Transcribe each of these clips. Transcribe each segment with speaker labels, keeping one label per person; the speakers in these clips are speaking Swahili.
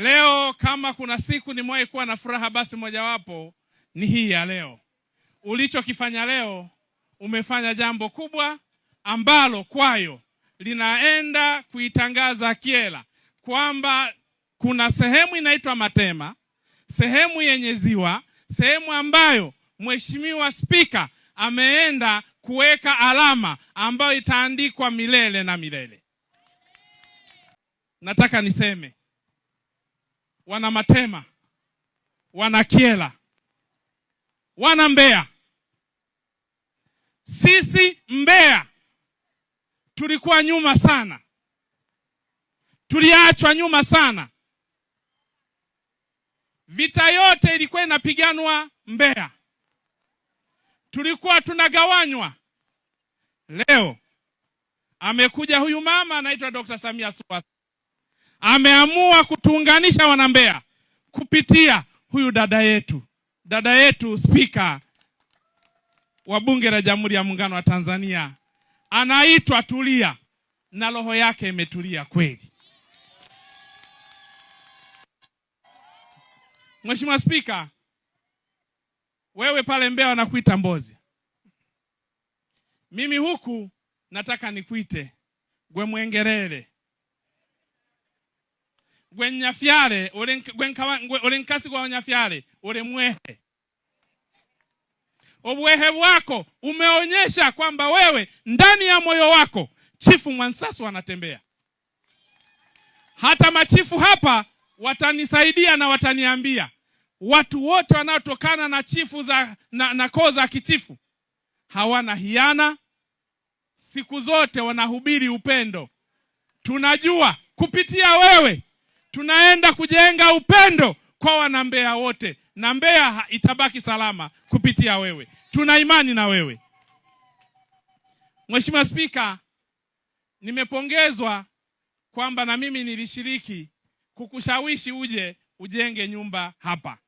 Speaker 1: Leo kama kuna siku nimewahi kuwa na furaha, basi mojawapo ni hii ya leo. Ulichokifanya leo, umefanya jambo kubwa ambalo kwayo linaenda kuitangaza Kyela kwamba kuna sehemu inaitwa Matema, sehemu yenye ziwa, sehemu ambayo Mheshimiwa Spika ameenda kuweka alama ambayo itaandikwa milele na milele. Nataka niseme wana Matema, wana kiela wana mbea Sisi mbea tulikuwa nyuma sana, tuliachwa nyuma sana. Vita yote ilikuwa inapiganwa mbea tulikuwa tunagawanywa. Leo amekuja huyu mama anaitwa Dr. Samia Suluhu ameamua kutuunganisha wanambea kupitia huyu dada yetu, dada yetu spika wa bunge la Jamhuri ya Muungano wa Tanzania, anaitwa Tulia na roho yake imetulia kweli. Mheshimiwa Spika, wewe pale Mbeya wanakuita Mbozi, mimi huku nataka nikuite Gwemwengerere gwennyafyale olenkasi gwa wanyafyale ole mwehe. umeonyesha kwamba wewe ndani ya moyo wako Chifu Mwansasu anatembea. Hata machifu hapa watanisaidia na wataniambia watu wote wanaotokana na chifu za na, na koo za kichifu hawana hiana, siku zote wanahubiri upendo. Tunajua kupitia wewe tunaenda kujenga upendo kwa wanambea wote, na mbea itabaki salama kupitia wewe. Tuna imani na wewe Mheshimiwa Spika. Nimepongezwa kwamba na mimi nilishiriki kukushawishi uje ujenge nyumba hapa.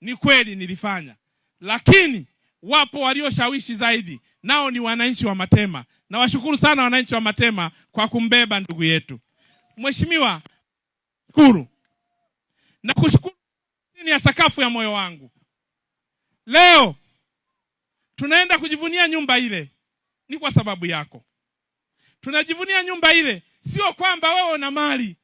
Speaker 1: Ni kweli nilifanya, lakini wapo walioshawishi zaidi, nao ni wananchi wa Matema. Nawashukuru sana wananchi wa Matema kwa kumbeba ndugu yetu Mheshimiwa kushukuru na kushukuru chini ya sakafu ya moyo wangu. Leo tunaenda kujivunia nyumba ile, ni kwa sababu yako. Tunajivunia nyumba ile, sio kwamba wewe una mali